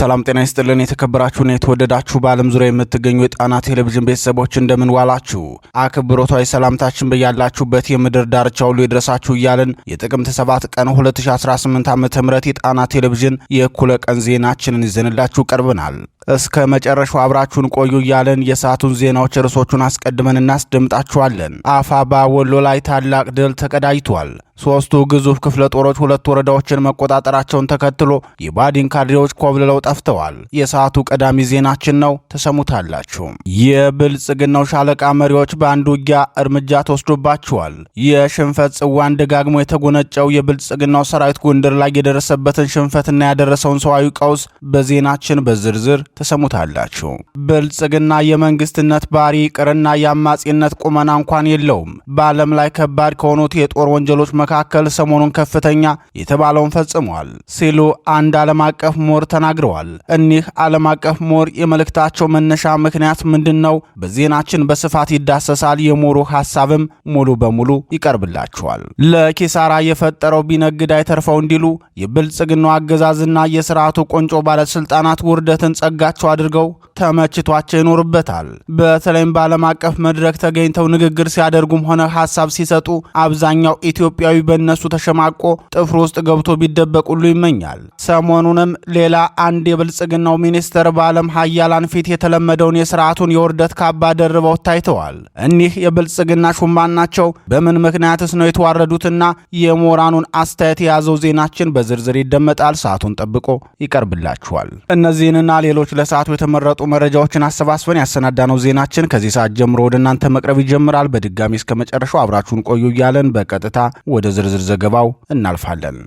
ሰላም ጤና ይስጥልን። የተከበራችሁና የተወደዳችሁ በዓለም ዙሪያ የምትገኙ የጣና ቴሌቪዥን ቤተሰቦች እንደምን ዋላችሁ? አክብሮታዊ ሰላምታችን በያላችሁበት የምድር ዳርቻ ሁሉ ይድረሳችሁ እያልን የጥቅምት 7 ቀን 2018 ዓ.ም የጣና ቴሌቪዥን የእኩለ ቀን ዜናችንን ይዘንላችሁ ቀርበናል። እስከ መጨረሻው አብራችሁን ቆዩ እያለን የሰዓቱን ዜናዎች ርዕሶቹን አስቀድመን እናስደምጣችኋለን። አፋባ ወሎ ላይ ታላቅ ድል ተቀዳጅቷል። ሶስቱ ግዙፍ ክፍለ ጦሮች ሁለት ወረዳዎችን መቆጣጠራቸውን ተከትሎ የባዲን ካድሬዎች ኮብልለው ጠፍተዋል። የሰዓቱ ቀዳሚ ዜናችን ነው፣ ተሰሙታላችሁ። የብልጽግናው ሻለቃ መሪዎች በአንድ ውጊያ እርምጃ ተወስዶባቸዋል። የሽንፈት ጽዋን ደጋግሞ የተጎነጨው የብልጽግናው ሰራዊት ጎንደር ላይ የደረሰበትን ሽንፈትና ያደረሰውን ሰዋዊ ቀውስ በዜናችን በዝርዝር ተሰሙታላችሁ። ብልጽግና የመንግስትነት ባህሪ ይቅርና የአማጺነት ቁመና እንኳን የለውም። በዓለም ላይ ከባድ ከሆኑት የጦር ወንጀሎች መካከል ሰሞኑን ከፍተኛ የተባለውን ፈጽሟል ሲሉ አንድ ዓለም አቀፍ ምሁር ተናግረዋል። እኒህ ዓለም አቀፍ ምሁር የመልእክታቸው መነሻ ምክንያት ምንድን ነው? በዜናችን በስፋት ይዳሰሳል። የምሁሩ ሀሳብም ሙሉ በሙሉ ይቀርብላችኋል። ለኪሳራ የፈጠረው ቢነግድ አይተርፈው እንዲሉ የብልጽግናው አገዛዝና የስርዓቱ ቆንጮ ባለስልጣናት ውርደትን ጸጋ እንዲያጋቸው አድርገው ተመችቷቸው ይኖርበታል። በተለይም በዓለም አቀፍ መድረክ ተገኝተው ንግግር ሲያደርጉም ሆነ ሀሳብ ሲሰጡ አብዛኛው ኢትዮጵያዊ በእነሱ ተሸማቆ ጥፍር ውስጥ ገብቶ ቢደበቁሉ ይመኛል። ሰሞኑንም ሌላ አንድ የብልጽግናው ሚኒስትር በዓለም ሀያላን ፊት የተለመደውን የስርዓቱን የውርደት ካባ ደርበው ታይተዋል። እኒህ የብልጽግና ሹማን ናቸው። በምን ምክንያትስ ነው የተዋረዱትና የምሁራኑን አስተያየት የያዘው ዜናችን በዝርዝር ይደመጣል። ሰዓቱን ጠብቆ ይቀርብላችኋል። እነዚህንና ሌሎች አድማጮች ለሰዓቱ የተመረጡ መረጃዎችን አሰባስበን ያሰናዳነው ዜናችን ከዚህ ሰዓት ጀምሮ ወደ እናንተ መቅረብ ይጀምራል። በድጋሚ እስከ መጨረሻው አብራችሁን ቆዩ እያለን በቀጥታ ወደ ዝርዝር ዘገባው እናልፋለን።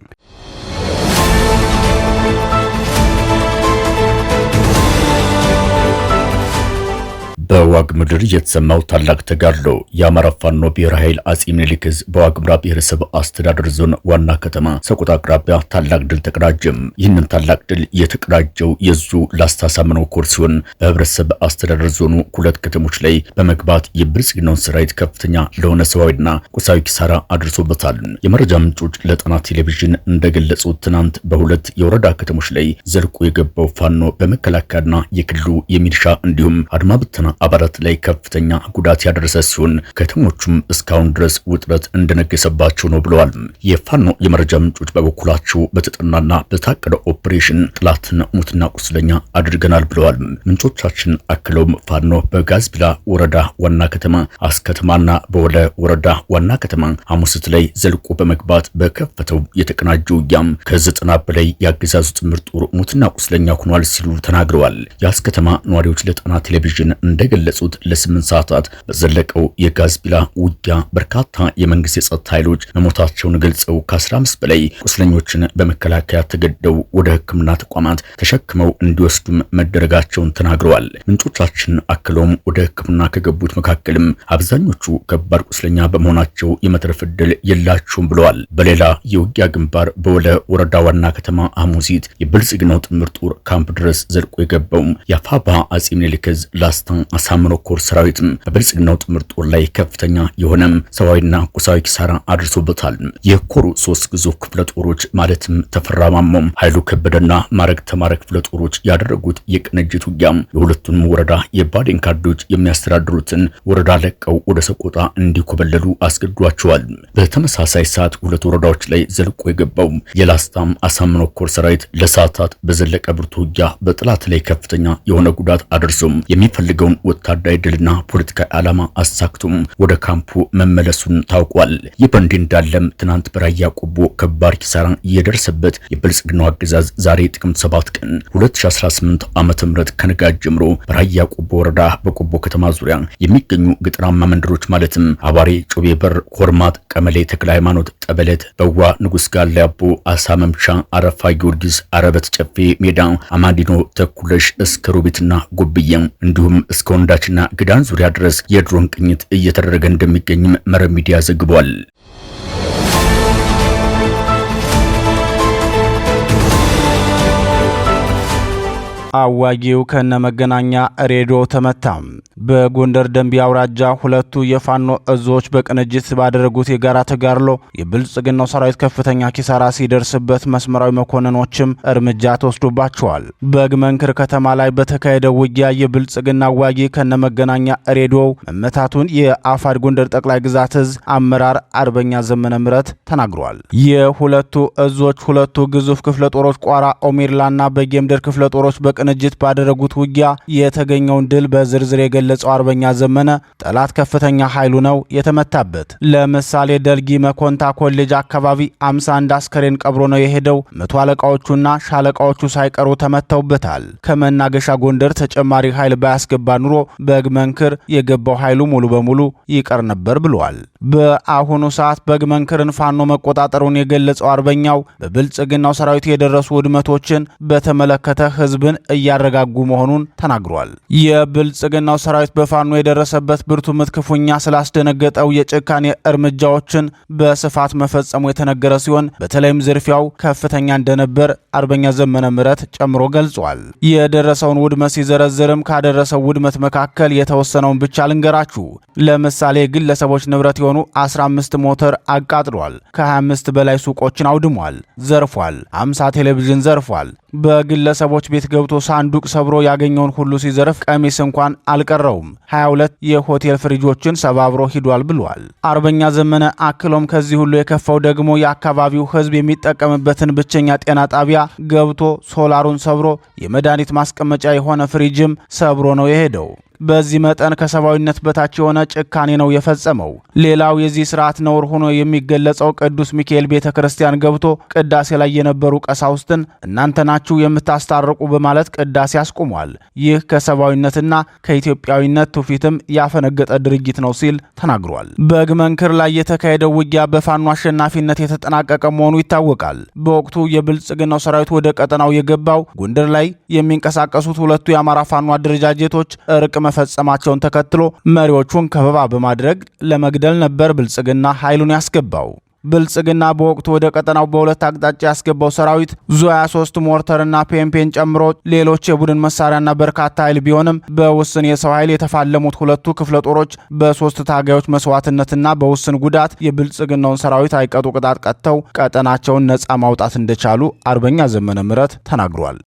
በዋግ ምድር የተሰማው ታላቅ ተጋድሎ የአማራ ፋኖ ብሔራዊ ኃይል አጼ ምኒልክ ዕዝ በዋግ ምራ ብሔረሰብ አስተዳደር ዞን ዋና ከተማ ሰቆጣ አቅራቢያ ታላቅ ድል ተቀዳጀም። ይህንን ታላቅ ድል የተቀዳጀው የዙ ላስታሳምነው ኮር ሲሆን በህብረተሰብ አስተዳደር ዞኑ ሁለት ከተሞች ላይ በመግባት የብልጽግናውን ሰራዊት ከፍተኛ ለሆነ ሰብአዊና ቁሳዊ ኪሳራ አድርሶበታል። የመረጃ ምንጮች ለጣና ቴሌቪዥን እንደገለጹት ትናንት በሁለት የወረዳ ከተሞች ላይ ዘልቆ የገባው ፋኖ በመከላከያና የክልሉ የሚልሻ እንዲሁም አድማ ብተና አባላት ላይ ከፍተኛ ጉዳት ያደረሰ ሲሆን ከተሞቹም እስካሁን ድረስ ውጥረት እንደነገሰባቸው ነው ብለዋል። የፋኖ የመረጃ ምንጮች በበኩላቸው በተጠናና በታቀደ ኦፕሬሽን ጥላትን ሙትና ቁስለኛ አድርገናል ብለዋል። ምንጮቻችን አክለውም ፋኖ በጋዝቢላ ወረዳ ዋና ከተማ አስከተማና በወለ ወረዳ ዋና ከተማ ሐሙስት ላይ ዘልቆ በመግባት በከፈተው የተቀናጀ ውጊያም ከዘጠና በላይ ያገዛዙ ጥምር ጦር ሙትና ቁስለኛ ሆኗል ሲሉ ተናግረዋል። የአስከተማ ነዋሪዎች ለጣና ቴሌቪዥን እንደ እንደገለጹት ለስምንት ሰዓታት በዘለቀው የጋዝቢላ ውጊያ በርካታ የመንግስት የጸጥታ ኃይሎች መሞታቸውን ገልጸው ከ15 በላይ ቁስለኞችን በመከላከያ ተገደው ወደ ሕክምና ተቋማት ተሸክመው እንዲወስዱም መደረጋቸውን ተናግረዋል። ምንጮቻችን አክለውም ወደ ሕክምና ከገቡት መካከልም አብዛኞቹ ከባድ ቁስለኛ በመሆናቸው የመትረፍ ዕድል የላቸውም ብለዋል። በሌላ የውጊያ ግንባር በወለ ወረዳ ዋና ከተማ አሙሲት የብልጽግናው ጥምር ጦር ካምፕ ድረስ ዘልቆ የገባውም የአፋባ አጼ ምኒልክ ዕዝ ላስታ አሳምኖ ኮር ሰራዊት በብልጽግናው ጥምር ጦር ላይ ከፍተኛ የሆነ ሰብአዊና ቁሳዊ ኪሳራ አድርሶበታል። የኮሩ ሶስት ግዙፍ ክፍለ ጦሮች ማለትም ተፈራ ማሞ፣ ኃይሉ ከበደና ማረግ ተማረ ክፍለ ጦሮች ያደረጉት የቅንጅት ውጊያ የሁለቱንም ወረዳ የባዴን ካድሬዎች የሚያስተዳድሩትን ወረዳ ለቀው ወደ ሰቆጣ እንዲኮበለሉ አስገድዷቸዋል። በተመሳሳይ ሰዓት ሁለት ወረዳዎች ላይ ዘልቆ የገባው የላስታም አሳምኖ ኮር ሰራዊት ለሰዓታት በዘለቀ ብርቱ ውጊያ በጠላት ላይ ከፍተኛ የሆነ ጉዳት አድርሶም የሚፈልገውን ወታደራዊ ድልና ፖለቲካዊ ዓላማ አሳክቶም ወደ ካምፑ መመለሱን ታውቋል። ይህ በእንዲህ እንዳለም ትናንት በራያ ቆቦ ከባድ ኪሳራ እየደረሰበት የብልጽግናው አገዛዝ ዛሬ ጥቅምት 7 ቀን 2018 ዓመተ ምህረት ከንጋት ጀምሮ በራያ ቆቦ ወረዳ በቆቦ ከተማ ዙሪያ የሚገኙ ገጠራማ መንደሮች ማለትም አባሬ፣ ጩቤ በር፣ ኮርማት፣ ቀመሌ፣ ተክለ ሃይማኖት፣ ጠበለት፣ በዋ፣ ንጉስ ጋለ ያቦ፣ አሳ መምቻ፣ አረፋ ጊዮርጊስ፣ አረበት፣ ጨፌ ሜዳ፣ አማዲኖ፣ ተኩለሽ እስከ ሮቤትና ጎብየም እንዲሁም እስከ ከወንዳችና ግዳን ዙሪያ ድረስ የድሮን ቅኝት እየተደረገ እንደሚገኝም መረብ ሚዲያ ዘግቧል። አዋጊው ከነመገናኛ ሬዲዮ ተመታ። በጎንደር ደንቢ አውራጃ ሁለቱ የፋኖ እዞች በቅንጅት ባደረጉት የጋራ ተጋድሎ የብልጽግናው ሰራዊት ከፍተኛ ኪሳራ ሲደርስበት መስመራዊ መኮንኖችም እርምጃ ተወስዶባቸዋል። በግመንክር ከተማ ላይ በተካሄደው ውጊያ የብልጽግና አዋጊ ከነመገናኛ ሬዲዮው መመታቱን የአፋድ ጎንደር ጠቅላይ ግዛት እዝ አመራር አርበኛ ዘመነ ምረት ተናግሯል። የሁለቱ እዞች ሁለቱ ግዙፍ ክፍለ ጦሮች ቋራ ኦሜርላና በጌምደር ክፍለ ጦሮች በቅ በቅንጅት ባደረጉት ውጊያ የተገኘውን ድል በዝርዝር የገለጸው አርበኛ ዘመነ ጠላት ከፍተኛ ኃይሉ ነው የተመታበት። ለምሳሌ ደልጊ መኮንታ ኮሌጅ አካባቢ 51 አስከሬን ቀብሮ ነው የሄደው። መቶ አለቃዎቹና ሻለቃዎቹ ሳይቀሩ ተመተውበታል። ከመናገሻ ጎንደር ተጨማሪ ኃይል ባያስገባ ኑሮ መንክር የገባው ኃይሉ ሙሉ በሙሉ ይቀር ነበር ብሏል። በአሁኑ ሰዓት መንክርን ፋኖ መቆጣጠሩን የገለጸው አርበኛው በብልጽግናው ሰራዊት የደረሱ ውድመቶችን በተመለከተ ህዝብን እያረጋጉ መሆኑን ተናግሯል። የብልጽግናው ሰራዊት በፋኖ የደረሰበት ብርቱ ምት ክፉኛ ስላስደነገጠው የጭካኔ እርምጃዎችን በስፋት መፈጸሙ የተነገረ ሲሆን በተለይም ዝርፊያው ከፍተኛ እንደነበር አርበኛ ዘመነ ምረት ጨምሮ ገልጿል። የደረሰውን ውድመት ሲዘረዝርም ካደረሰው ውድመት መካከል የተወሰነውን ብቻ ልንገራችሁ። ለምሳሌ ግለሰቦች ንብረት የሆኑ 15 ሞተር አቃጥሏል። ከ25 በላይ ሱቆችን አውድሟል፣ ዘርፏል። 50 ቴሌቪዥን ዘርፏል። በግለሰቦች ቤት ገብቶ ሳንዱቅ ሰብሮ ያገኘውን ሁሉ ሲዘርፍ ቀሚስ እንኳን አልቀረውም። 22 የሆቴል ፍሪጆችን ሰባብሮ ሂዷል ብሏል አርበኛ ዘመነ። አክሎም ከዚህ ሁሉ የከፋው ደግሞ የአካባቢው ሕዝብ የሚጠቀምበትን ብቸኛ ጤና ጣቢያ ገብቶ ሶላሩን ሰብሮ የመድኃኒት ማስቀመጫ የሆነ ፍሪጅም ሰብሮ ነው የሄደው። በዚህ መጠን ከሰብአዊነት በታች የሆነ ጭካኔ ነው የፈጸመው። ሌላው የዚህ ስርዓት ነውር ሆኖ የሚገለጸው ቅዱስ ሚካኤል ቤተ ክርስቲያን ገብቶ ቅዳሴ ላይ የነበሩ ቀሳውስትን እናንተ ናችሁ የምታስታርቁ በማለት ቅዳሴ አስቁሟል። ይህ ከሰብአዊነትና ከኢትዮጵያዊነት ትውፊትም ያፈነገጠ ድርጊት ነው ሲል ተናግሯል። በግመንክር ላይ የተካሄደው ውጊያ በፋኖ አሸናፊነት የተጠናቀቀ መሆኑ ይታወቃል። በወቅቱ የብልጽግናው ሰራዊት ወደ ቀጠናው የገባው ጎንደር ላይ የሚንቀሳቀሱት ሁለቱ የአማራ ፋኖ አደረጃጀቶች እርቅ መፈጸማቸውን ተከትሎ መሪዎቹን ከበባ በማድረግ ለመግደል ነበር ብልጽግና ኃይሉን ያስገባው። ብልጽግና በወቅቱ ወደ ቀጠናው በሁለት አቅጣጫ ያስገባው ሰራዊት ዙ 23 ሞርተርና ፔምፔን ጨምሮ ሌሎች የቡድን መሳሪያና በርካታ ኃይል ቢሆንም በውስን የሰው ኃይል የተፋለሙት ሁለቱ ክፍለ ጦሮች በሶስት ታጋዮች መስዋዕትነትና በውስን ጉዳት የብልጽግናውን ሰራዊት አይቀጡ ቅጣት ቀጥተው ቀጠናቸውን ነፃ ማውጣት እንደቻሉ አርበኛ ዘመነ ምረት ተናግሯል።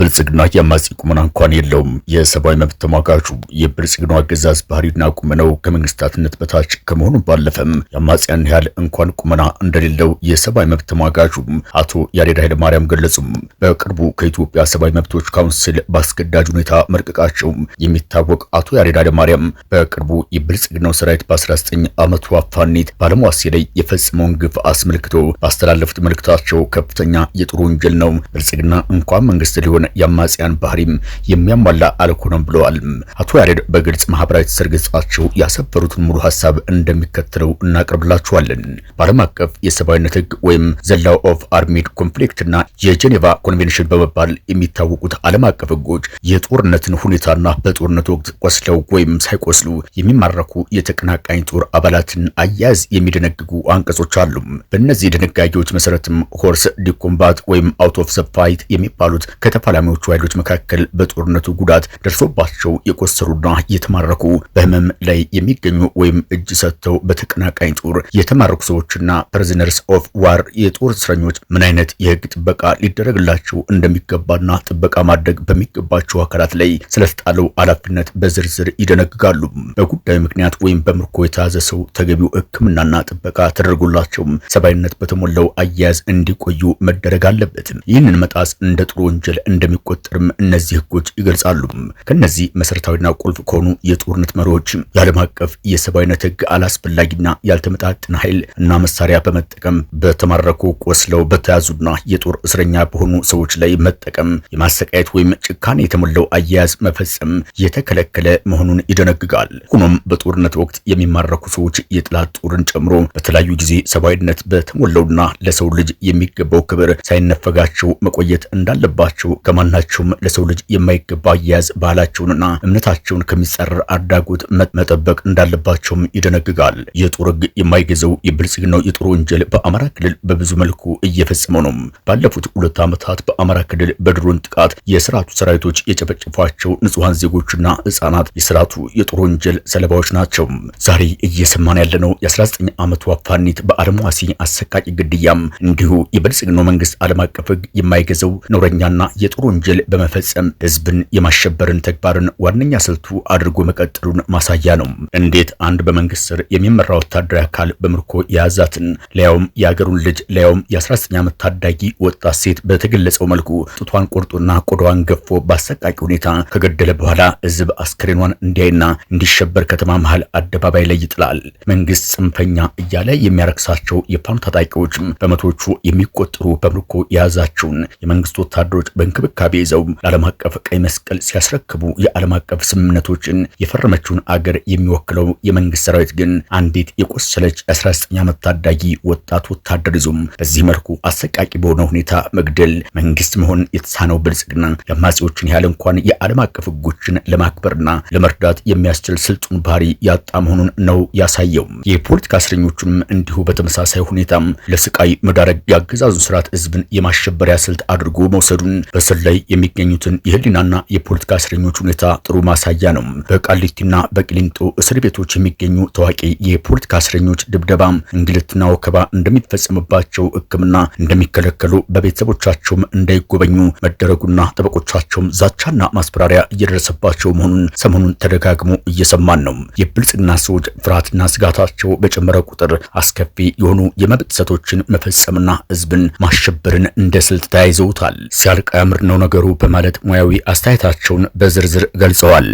ብልጽግና የአማጺ ቁመና እንኳን የለውም። የሰብአዊ መብት ተሟጋቹ የብልጽግና አገዛዝ ባህሪና ቁመናው ከመንግስታትነት በታች ከመሆኑ ባለፈም የአማጽያን ያህል እንኳን ቁመና እንደሌለው የሰብአዊ መብት ተሟጋቹ አቶ ያሬድ ኃይለማርያም ገለጹም። በቅርቡ ከኢትዮጵያ ሰብአዊ መብቶች ካውንስል በአስገዳጅ ሁኔታ መርቀቃቸው የሚታወቅ አቶ ያሬድ ኃይለማርያም በቅርቡ የብልጽግናው ሰራዊት በ19 ዓመቱ አፋኒት ባለሟሴ ላይ የፈጸመውን ግፍ አስመልክቶ ባስተላለፉት መልእክታቸው ከፍተኛ የጦር ወንጀል ነው ብልጽግና እንኳን መንግስት ሊሆን የአማጽያን ባህሪም የሚያሟላ አልሆነም ብለዋል። አቶ ያሬድ በግልጽ ማህበራዊ ትስስር ገጻቸው ያሰፈሩትን ሙሉ ሀሳብ እንደሚከተለው እናቀርብላችኋለን። በዓለም አቀፍ የሰብአዊነት ህግ ወይም ዘላው ኦፍ አርሚድ እና የጄኔቫ ኮንቬንሽን በመባል የሚታወቁት ዓለም አቀፍ ህጎች የጦርነትን ሁኔታና በጦርነት ወቅት ቆስለው ወይም ሳይቆስሉ የሚማረኩ የተቀናቃኝ ጦር አባላትን አያያዝ የሚደነግጉ አንቀጾች አሉ። በእነዚህ ድንጋጌዎች መሰረትም ሆርስ ዲኮምባት ወይም አውት ኦፍ ዘ ፋይት የሚባሉት ከተፋላ ከተፋላሚዎቹ ኃይሎች መካከል በጦርነቱ ጉዳት ደርሶባቸው የቆሰሩና የተማረኩ በህመም ላይ የሚገኙ ወይም እጅ ሰጥተው በተቀናቃኝ ጦር የተማረኩ ሰዎችና ፕሪዝነርስ ኦፍ ዋር የጦር እስረኞች ምን አይነት የህግ ጥበቃ ሊደረግላቸው እንደሚገባና ጥበቃ ማድረግ በሚገባቸው አካላት ላይ ስለተጣለው ኃላፊነት በዝርዝር ይደነግጋሉ። በጉዳዩ ምክንያት ወይም በምርኮ የተያዘ ሰው ተገቢው ሕክምናና ጥበቃ ተደርጎላቸውም ሰብአዊነት በተሞላው አያያዝ እንዲቆዩ መደረግ አለበትም። ይህንን መጣስ እንደ ጥሩ ወንጀል እንደሚቆጠርም እነዚህ ህጎች ይገልጻሉ። ከነዚህ መሰረታዊና ቁልፍ ከሆኑ የጦርነት መሪዎች የዓለም አቀፍ የሰብአዊነት ህግ አላስፈላጊና ያልተመጣጠነ ኃይል እና መሳሪያ በመጠቀም በተማረኩ ቆስለው በተያዙና የጦር እስረኛ በሆኑ ሰዎች ላይ መጠቀም፣ የማሰቃየት ወይም ጭካኔ የተሞላው አያያዝ መፈጸም የተከለከለ መሆኑን ይደነግጋል። ሆኖም በጦርነት ወቅት የሚማረኩ ሰዎች የጠላት ጦርን ጨምሮ በተለያዩ ጊዜ ሰብአዊነት በተሞላውና ለሰው ልጅ የሚገባው ክብር ሳይነፈጋቸው መቆየት እንዳለባቸው ከማናቸውም ለሰው ልጅ የማይገባ አያያዝ ባህላቸውንና እምነታቸውን ከሚጸረር አዳጎት መጠበቅ እንዳለባቸውም ይደነግጋል። የጦር ህግ የማይገዘው የብልጽግናው የጦር ወንጀል በአማራ ክልል በብዙ መልኩ እየፈጸመው ነው። ባለፉት ሁለት ዓመታት በአማራ ክልል በድሮን ጥቃት የስርዓቱ ሰራዊቶች የጨፈጨፏቸው ንጹሐን ዜጎችና ህጻናት የስርዓቱ የጦር ወንጀል ሰለባዎች ናቸው። ዛሬ እየሰማን ያለነው የ19 ዓመቷ ፋኒት በአለምዋሲ አሰቃቂ ግድያም እንዲሁ የብልጽግናው መንግስት ዓለም አቀፍ ህግ የማይገዘው ነውረኛና የጦር የጦር ወንጀል በመፈጸም ህዝብን የማሸበርን ተግባርን ዋነኛ ስልቱ አድርጎ መቀጠሉን ማሳያ ነው። እንዴት አንድ በመንግስት ስር የሚመራ ወታደራዊ አካል በምርኮ የያዛትን ለያውም የአገሩን ልጅ ለያውም የ19 ዓመት ታዳጊ ወጣት ሴት በተገለጸው መልኩ ጡቷን ቆርጦና ቆዳዋን ገፎ በአሰቃቂ ሁኔታ ከገደለ በኋላ ህዝብ አስክሬኗን እንዲያይና እንዲሸበር ከተማ መሃል አደባባይ ላይ ይጥላል። መንግስት ጽንፈኛ እያለ የሚያረክሳቸው የፋኖ ታጣቂዎችም በመቶዎቹ የሚቆጠሩ በምርኮ የያዛቸውን የመንግስት ወታደሮች በእንክብ እንክብካቤ ይዘው ለዓለም አቀፍ ቀይ መስቀል ሲያስረክቡ የዓለም አቀፍ ስምምነቶችን የፈረመችውን አገር የሚወክለው የመንግስት ሰራዊት ግን አንዲት የቆሰለች 19 ዓመት ታዳጊ ወጣት ወታደር ይዞም በዚህ መልኩ አሰቃቂ በሆነ ሁኔታ መግደል መንግስት መሆን የተሳነው ብልጽግና የአማጺዎችን ያህል እንኳን የዓለም አቀፍ ህጎችን ለማክበርና ለመርዳት የሚያስችል ስልጡን ባህሪ ያጣ መሆኑን ነው ያሳየው። የፖለቲካ እስረኞቹም እንዲሁ በተመሳሳይ ሁኔታም ለስቃይ መዳረግ የአገዛዙን ስርዓት ህዝብን የማሸበሪያ ስልት አድርጎ መውሰዱን በስል በእስር ላይ የሚገኙትን የህሊናና የፖለቲካ እስረኞች ሁኔታ ጥሩ ማሳያ ነው። በቃሊቲና በቅሊንጦ እስር ቤቶች የሚገኙ ታዋቂ የፖለቲካ እስረኞች ድብደባ፣ እንግልትና ወከባ እንደሚፈጸምባቸው ሕክምና እንደሚከለከሉ በቤተሰቦቻቸውም እንዳይጎበኙ መደረጉና ጠበቆቻቸውም ዛቻና ማስፈራሪያ እየደረሰባቸው መሆኑን ሰሞኑን ተደጋግሞ እየሰማን ነው። የብልጽግና ሰዎች ፍርሃትና ስጋታቸው በጨመረ ቁጥር አስከፊ የሆኑ የመብት ጥሰቶችን መፈጸምና ህዝብን ማሸበርን እንደ ስልት ተያይዘውታል። ሲያልቅ አያምር ነው ነገሩ በማለት ሙያዊ አስተያየታቸውን በዝርዝር ገልጸዋል።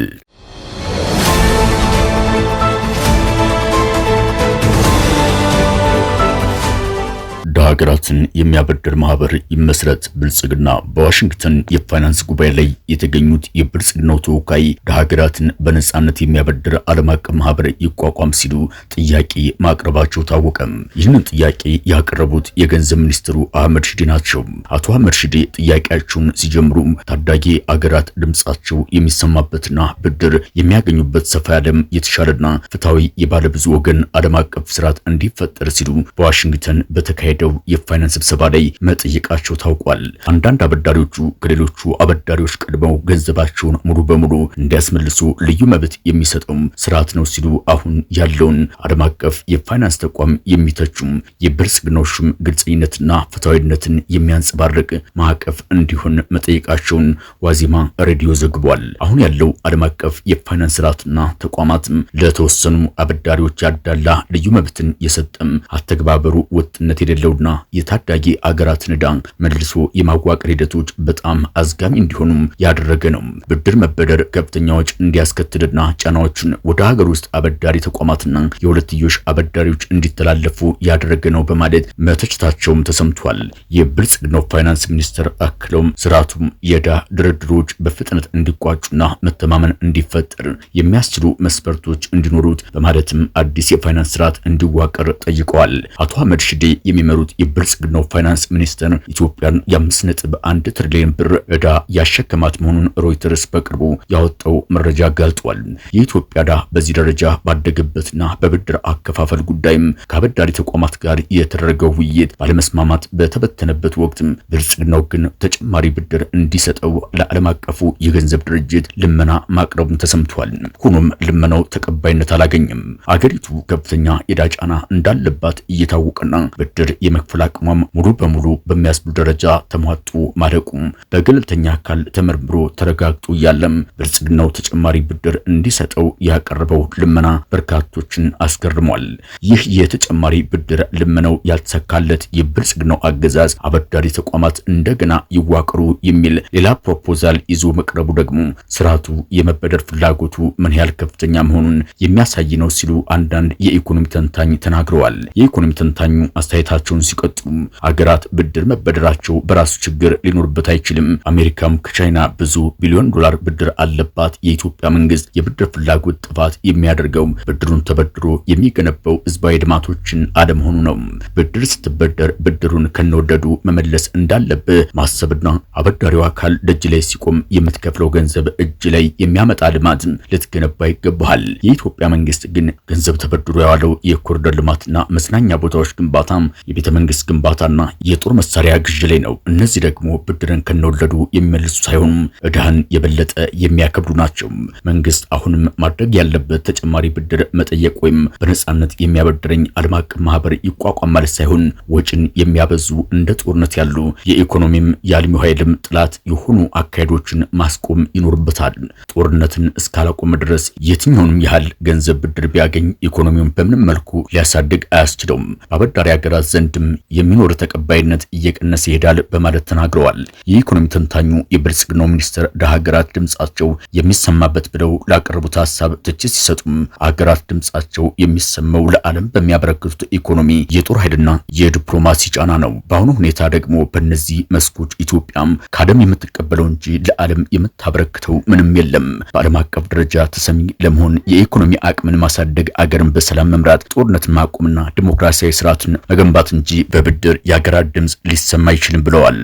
ሀገራትን የሚያበድር ማህበር ይመስረት። ብልጽግና በዋሽንግተን የፋይናንስ ጉባኤ ላይ የተገኙት የብልጽግናው ተወካይ ሀገራትን በነጻነት የሚያበድር ዓለም አቀፍ ማህበር ይቋቋም ሲሉ ጥያቄ ማቅረባቸው ታወቀም። ይህንን ጥያቄ ያቀረቡት የገንዘብ ሚኒስትሩ አህመድ ሽዴ ናቸው። አቶ አህመድ ሽዴ ጥያቄያቸውን ሲጀምሩ ታዳጊ አገራት ድምጻቸው የሚሰማበትና ብድር የሚያገኙበት ሰፋ ያለም የተሻለና ፍትሐዊ የባለብዙ ወገን ዓለም አቀፍ ስርዓት እንዲፈጠር ሲሉ በዋሽንግተን በተካሄደው በተካሄደው የፋይናንስ ስብሰባ ላይ መጠየቃቸው ታውቋል። አንዳንድ አበዳሪዎቹ ከሌሎቹ አበዳሪዎች ቀድመው ገንዘባቸውን ሙሉ በሙሉ እንዲያስመልሱ ልዩ መብት የሚሰጠውም ስርዓት ነው ሲሉ አሁን ያለውን ዓለም አቀፍ የፋይናንስ ተቋም የሚተቹም የብልጽግናው ሹም ግልጸኝነትና ፍትሐዊነትን የሚያንጸባርቅ ማዕቀፍ እንዲሆን መጠየቃቸውን ዋዜማ ሬዲዮ ዘግቧል። አሁን ያለው ዓለም አቀፍ የፋይናንስ ስርዓትና ተቋማትም ለተወሰኑ አበዳሪዎች ያዳላ ልዩ መብትን የሰጠም አተግባበሩ ወጥነት የሌለው። የሆነውና የታዳጊ አገራትን ዕዳ መልሶ የማዋቀር ሂደቶች በጣም አዝጋሚ እንዲሆኑም ያደረገ ነው። ብድር መበደር ከፍተኛ ወጪ እንዲያስከትልና ጫናዎችን ወደ ሀገር ውስጥ አበዳሪ ተቋማትና የሁለትዮሽ አበዳሪዎች እንዲተላለፉ ያደረገ ነው በማለት መተችታቸውም ተሰምቷል። የብልጽግናው ፋይናንስ ሚኒስትር አክለውም ስርዓቱም የዕዳ ድርድሮች በፍጥነት እንዲቋጩና መተማመን እንዲፈጠር የሚያስችሉ መስፈርቶች እንዲኖሩት በማለትም አዲስ የፋይናንስ ስርዓት እንዲዋቀር ጠይቀዋል። አቶ አህመድ ሽዴ የሚመሩት የብልጽግናው ፋይናንስ ሚኒስትር ኢትዮጵያን የአምስት ነጥብ አንድ ትሪሊዮን ብር ዕዳ ያሸከማት መሆኑን ሮይተርስ በቅርቡ ያወጣው መረጃ ገልጧል። የኢትዮጵያ ዕዳ በዚህ ደረጃ ባደገበትና በብድር አከፋፈል ጉዳይም ከአበዳሪ ተቋማት ጋር የተደረገው ውይይት ባለመስማማት በተበተነበት ወቅትም ብልጽግናው ግን ተጨማሪ ብድር እንዲሰጠው ለዓለም አቀፉ የገንዘብ ድርጅት ልመና ማቅረቡን ተሰምቷል። ሆኖም ልመናው ተቀባይነት አላገኘም። አገሪቱ ከፍተኛ የዕዳ ጫና እንዳለባት እየታወቀና ብድር የመክፈል አቅሟም ሙሉ በሙሉ በሚያስብሉ ደረጃ ተሟጡ ማደቁም በገለልተኛ አካል ተመርምሮ ተረጋግጦ እያለም ብልጽግናው ተጨማሪ ብድር እንዲሰጠው ያቀረበው ልመና በርካቶችን አስገርሟል። ይህ የተጨማሪ ብድር ልመናው ያልተሳካለት የብልጽግናው አገዛዝ አበዳሪ ተቋማት እንደገና ይዋቀሩ የሚል ሌላ ፕሮፖዛል ይዞ መቅረቡ ደግሞ ስርዓቱ የመበደር ፍላጎቱ ምን ያህል ከፍተኛ መሆኑን የሚያሳይ ነው ሲሉ አንዳንድ የኢኮኖሚ ተንታኝ ተናግረዋል። የኢኮኖሚ ተንታኙ አስተያየታቸውን መሆኑን ሲቀጥሉም ሀገራት ብድር መበደራቸው በራሱ ችግር ሊኖርበት አይችልም። አሜሪካም ከቻይና ብዙ ቢሊዮን ዶላር ብድር አለባት። የኢትዮጵያ መንግስት የብድር ፍላጎት ጥፋት የሚያደርገው ብድሩን ተበድሮ የሚገነባው ህዝባዊ ልማቶችን አለመሆኑ ነው። ብድር ስትበደር ብድሩን ከነወደዱ መመለስ እንዳለብህ ማሰብና አበዳሪው አካል ደጅ ላይ ሲቆም የምትከፍለው ገንዘብ እጅ ላይ የሚያመጣ ልማት ልትገነባ ይገባሃል። የኢትዮጵያ መንግስት ግን ገንዘብ ተበድሮ ያዋለው የኮሪደር ልማትና መዝናኛ ቦታዎች ግንባታም የቤተ መንግስት ግንባታና የጦር መሳሪያ ግዥ ላይ ነው። እነዚህ ደግሞ ብድርን ከነወለዱ የሚመልሱ ሳይሆን እድሃን የበለጠ የሚያከብዱ ናቸው። መንግስት አሁንም ማድረግ ያለበት ተጨማሪ ብድር መጠየቅ ወይም በነጻነት የሚያበድረኝ ዓለም አቀፍ ማህበር ይቋቋም ማለት ሳይሆን ወጪን የሚያበዙ እንደ ጦርነት ያሉ የኢኮኖሚም የአልሚው ኃይልም ጥላት የሆኑ አካሄዶችን ማስቆም ይኖርበታል። ጦርነትን እስካላቆመ ድረስ የትኛውንም ያህል ገንዘብ ብድር ቢያገኝ ኢኮኖሚውን በምንም መልኩ ሊያሳድግ አያስችለውም። በአበዳሪ ሀገራት ዘንድ ምክንያትም የሚኖር ተቀባይነት እየቀነሰ ይሄዳል በማለት ተናግረዋል። የኢኮኖሚ ተንታኙ የብልጽግናው ሚኒስትር ለሀገራት ድምጻቸው የሚሰማበት ብለው ላቀረቡት ሀሳብ ትችት ሲሰጡም አገራት ድምጻቸው የሚሰማው ለዓለም በሚያበረክቱት ኢኮኖሚ፣ የጦር ኃይልና የዲፕሎማሲ ጫና ነው። በአሁኑ ሁኔታ ደግሞ በእነዚህ መስኮች ኢትዮጵያም ከዓለም የምትቀበለው እንጂ ለዓለም የምታበረክተው ምንም የለም። በዓለም አቀፍ ደረጃ ተሰሚ ለመሆን የኢኮኖሚ አቅምን ማሳደግ፣ አገርን በሰላም መምራት፣ ጦርነትን ማቆምና ዲሞክራሲያዊ ስርዓትን መገንባት እንጂ በብድር የሀገራት ድምፅ ሊሰማ አይችልም ብለዋል።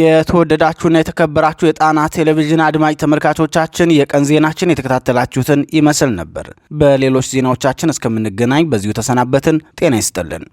የተወደዳችሁና የተከበራችሁ የጣና ቴሌቪዥን አድማጭ ተመልካቾቻችን የቀን ዜናችን የተከታተላችሁትን ይመስል ነበር። በሌሎች ዜናዎቻችን እስከምንገናኝ በዚሁ ተሰናበትን። ጤና ይስጥልን።